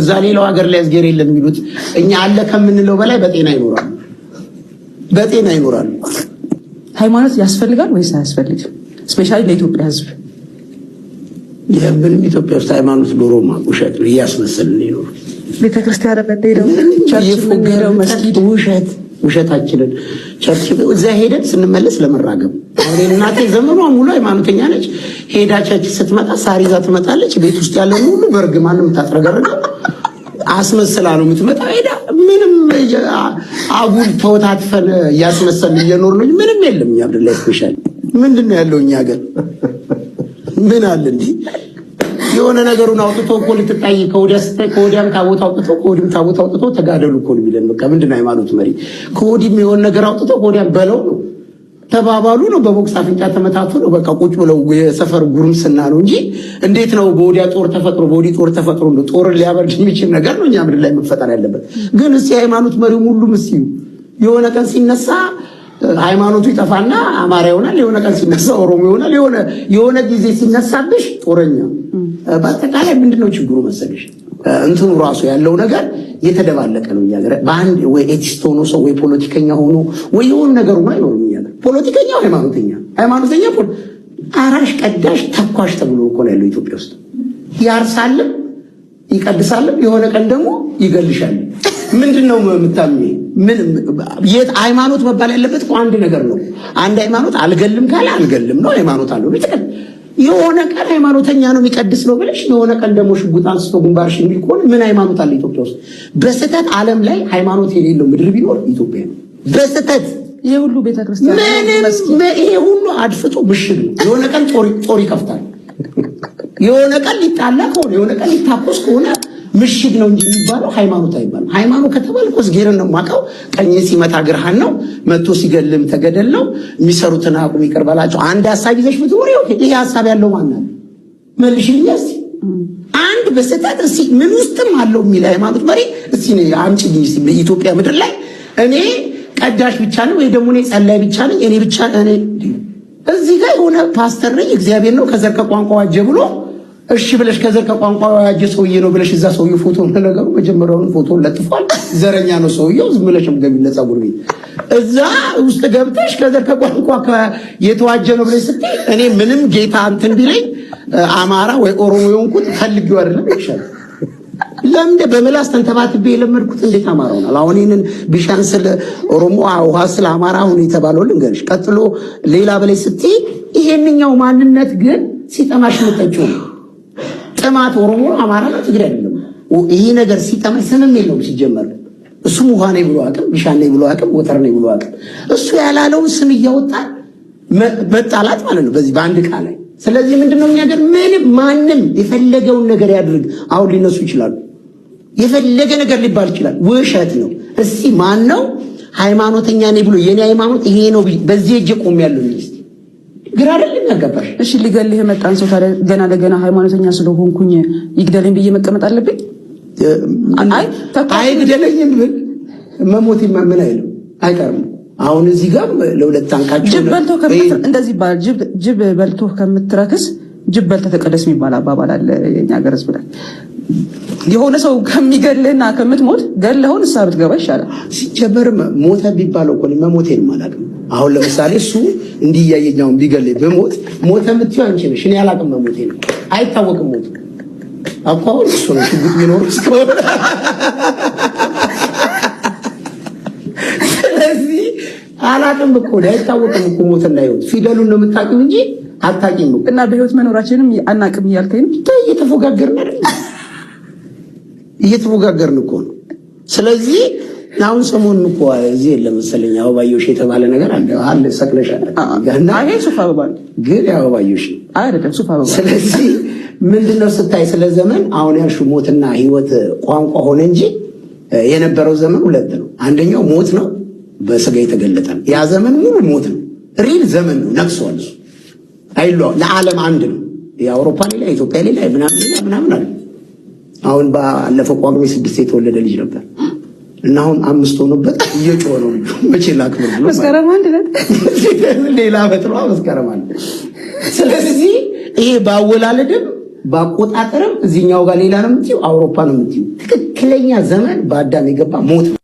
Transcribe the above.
እዛ ሌላው ሀገር ላይ አዝጌር የለም የሚሉት እኛ አለ ከምንለው በላይ በጤና ይኖራሉ። በጤና ይኖራሉ። ሃይማኖት ያስፈልጋል ወይስ አያስፈልግም? ስፔሻሊ ለኢትዮጵያ ህዝብ የምንም ኢትዮጵያ ውስጥ ሃይማኖት ዶሮ ውሸት ነው፣ እያስመሰልን ይኖሩ ቤተክርስቲያን ሄደው ውሸት ውሸታችንን ቸርች እዚያ ሄደን ስንመለስ ለመራገም እናቴ ዘመኗ ሙሉ ሃይማኖተኛ ነች። ሄዳ ቸርች ስትመጣ ሳሪዛ ትመጣለች። ቤት ውስጥ ያለን ሁሉ ማንም የምታጥረገርገው አስመሰላ ነው የምትመጣ። ሄዳ ምንም አጉል ተወታትፈን እያስመሰል እየኖር ነው። ምንም የለም። እኛ ብድላ ስፔሻል ምንድን ነው ያለው? እኛ ሀገር ምን አለ እንዲህ የሆነ ነገሩን አውጥቶ እኮ ልትጣይ ከወዲያስታ ከወዲያም ታቦት አውጥቶ ከወዲም ታቦት አውጥቶ ተጋደሉ እኮ ነው የሚለን። በቃ ምንድን ነው ሃይማኖት መሪ ከወዲም የሆነ ነገር አውጥቶ ከወዲያም በለው ነው ተባባሉ ነው። በቦክስ አፍንጫ ተመታቶ ነው። በቃ ቁጭ ብለው የሰፈር ጉርምስና ነው እንጂ እንዴት ነው በወዲያ ጦር ተፈጥሮ በወዲህ ጦር ተፈጥሮ ነው ጦር ሊያበርድ የሚችል ነገር ነው እኛ ምድር ላይ መፈጠር ያለበት። ግን እስኪ ሃይማኖት መሪውም ሁሉም እስኪ የሆነ ቀን ሲነሳ ሃይማኖቱ ይጠፋና አማራ ይሆናል። የሆነ ቀን ሲነሳ ኦሮሞ ይሆናል። የሆነ ጊዜ ሲነሳብሽ ጦረኛ። በአጠቃላይ ምንድነው ችግሩ መሰልሽ እንትኑ ራሱ ያለው ነገር የተደባለቀ ነው። እያገረ በአንድ ወይ ኤቲስት ሆኖ ሰው ወይ ፖለቲከኛ ሆኖ ወይ የሆነ ነገር ሆኖ አይኖርም። ፖለቲከኛው ሃይማኖተኛ፣ ሃይማኖተኛ አራሽ ቀዳሽ ተኳሽ ተብሎ እኮ ነው ያለው ኢትዮጵያ ውስጥ። ያርሳልም ይቀድሳልም፣ የሆነ ቀን ደግሞ ይገልሻል። ምንድን ነው ምን የት ሃይማኖት መባል ያለበት አንድ ነገር ነው። አንድ ሃይማኖት አልገልም ካለ አልገልም ነው ሃይማኖት አለው። የሆነ ቀን ሃይማኖተኛ ነው የሚቀድስ ነው ብለሽ የሆነ ቀን ደግሞ ሽጉጥ አንስቶ ግንባርሽ የሚል ከሆነ ምን ሃይማኖት አለ ኢትዮጵያ ውስጥ? በስህተት ዓለም ላይ ሃይማኖት የሌለው ምድር ቢኖር ኢትዮጵያ ነው በስህተት ይሄ ሁሉ ቤተክርስቲያን ይሄ ሁሉ አድፍጦ ብሽል የሆነ ቀን ጦር ይከፍታል። የሆነ ቀን ሊጣላ ከሆነ የሆነ ቀን ሊታኮስ ከሆነ ምሽግ ነው እንጂ የሚባለው ሃይማኖት አይባልም። ሃይማኖት ከተባለ ኮስጌርን ነው የማውቀው። ቀኝ ሲመታ ግርሃን ነው መቶ ሲገልም ተገደል ነው። የሚሰሩትን አቁም ይቅር በላቸው። አንድ ሀሳብ ይዘሽ ብትኖሪ ይሄ ሀሳብ ያለው ማናት መልሽልኝ እስኪ አንድ በስህተት እስኪ ምን ውስጥም አለው የሚል ሃይማኖት መሪ እስኪ አምጪልኝ በኢትዮጵያ ምድር ላይ እኔ ቀዳሽ ብቻ ነው ወይ ደግሞ እኔ ጸላይ ብቻ ነኝ እኔ ብቻ እኔ እዚህ ጋር የሆነ ፓስተር ነኝ እግዚአብሔር ነው ከዘር ከቋንቋ ዋጀ ብሎ እሺ ብለሽ ከዘር ከቋንቋ ዋጀ ሰውዬ ነው ብለሽ እዛ ሰውዬው ፎቶ ለነገሩ መጀመሪያውን ፎቶ ለጥፏል። ዘረኛ ነው ሰውዬው ዝም ብለሽም ገቢለት ጸጉር ቤት እዛ ውስጥ ገብተሽ ከዘር ከቋንቋ የተዋጀ ነው ብለሽ ስትይ እኔ ምንም ጌታ እንትን ቢለኝ አማራ ወይ ኦሮሞ የሆንኩት ፈልጌው አይደለም ይሻል ለምን በምላስ ተንተባትቤ የለመድኩት እንዴት አማራ ሆናል? አሁን ይህንን ቢሻን ስለ ኦሮሞ ውሃ ስለ አማራ አሁን የተባለው ልንገርሽ፣ ቀጥሎ ሌላ በላይ ስትይ ይሄንኛው ማንነት ግን ሲጠማሽ የምጠጪው ጥማት ኦሮሞ አማራ ትግሬ አይደለም። ይሄ ነገር ሲጠማሽ ስምም የለውም ሲጀመር እሱም ውሃ ነው ብሎ አቅም ቢሻን ነው ብሎ አቅም ወተር ነው ብሎ አቅም እሱ ያላለውን ስም እያወጣ መጣላት ማለት ነው በዚህ በአንድ ዕቃ ላይ ስለዚህ ምንድነው የሚያደርግ ምንም ማንም የፈለገውን ነገር ያድርግ አሁን ሊነሱ ይችላሉ የፈለገ ነገር ሊባል ይችላል። ውሸት ነው። እስቲ ማን ነው ሃይማኖተኛ ነኝ ብሎ የኔ ሃይማኖት ይሄ ነው በዚህ እጅ ቆም ያለው ስ ግራ አይደለም ያጋባሽ። እሺ ሊገልህ የመጣን ሰው ታዲያ ገና ለገና ሃይማኖተኛ ስለሆንኩኝ ይግደለኝ ብዬ መቀመጥ አለብኝ? አይግደለኝም ብል መሞት ምን አይልም አይቀርም። አሁን እዚህ ጋር ለሁለት አንካቸው እንደዚህ ይባላል። ጅብ በልቶ ከምትረክስ ጅብ በልተህ ተቀደስ የሚባል አባባል አለ የኛ ሀገር ህዝብ ላይ የሆነ ሰው ከሚገልህና ከምትሞት ገለኸውን እሳ ብትገባ ይሻላል። ሲጀመር ሞተ ቢባለው እኮ መሞቴን አላውቅም። አሁን ለምሳሌ እሱ እንዲያየኛውን ቢገልህ በሞት ሞተ የምትይው አንቺ ነሽ። እኔ አላውቅም። መሞቴ ነው አይታወቅም። ሞት እኮ አሁን እሱ ነው ሽጉጥ ቢኖር እስከሆነ ስለዚህ አላውቅም እኮ አይታወቅም እኮ ሞት እና ህይወት ፊደሉን ነው የምታውቂው እንጂ አታውቂም። እና በህይወት መኖራችንም አናውቅም እያልከኝ ነው። ተይ እየተፎጋገርን አይደል እየተወጋገርን እኮ ነው። ስለዚህ አሁን ሰሞኑን እኮ እዚህ የለም መሰለኝ አበባዮሽ የተባለ ነገር አለ አለ ሰቅለሻል። ግን አበባዮሽ አይደለም ሱፍ አበባ። ስለዚህ ምንድነው ስታይ ስለ ዘመን አሁን ያልሽው ሞትና ህይወት ቋንቋ ሆነ እንጂ የነበረው ዘመን ሁለት ነው። አንደኛው ሞት ነው፣ በስጋ የተገለጠ ነው። ያ ዘመን ሙሉ ሞት ነው። ሪል ዘመን ነው። ነቅሷል። አይሏ ለዓለም አንድ ነው። የአውሮፓ ሌላ፣ ኢትዮጵያ ሌላ ምናምን ሌላ ምናምን አለ አሁን ባለፈው ቋሚ ስድስት የተወለደ ልጅ ነበር እና አሁን አምስት ሆኖበት እየጮኸ ነው መቼ ላክብር ብሎ መስከረም አንድ ሌላ ዓመት ነው መስከረም አንድ። ስለዚህ ይሄ ባወላለድም ባቆጣጠርም እዚህኛው ጋር ሌላ ነው የምትይው፣ አውሮፓ ነው የምትይው። ትክክለኛ ዘመን በአዳም የገባ ሞት ነው።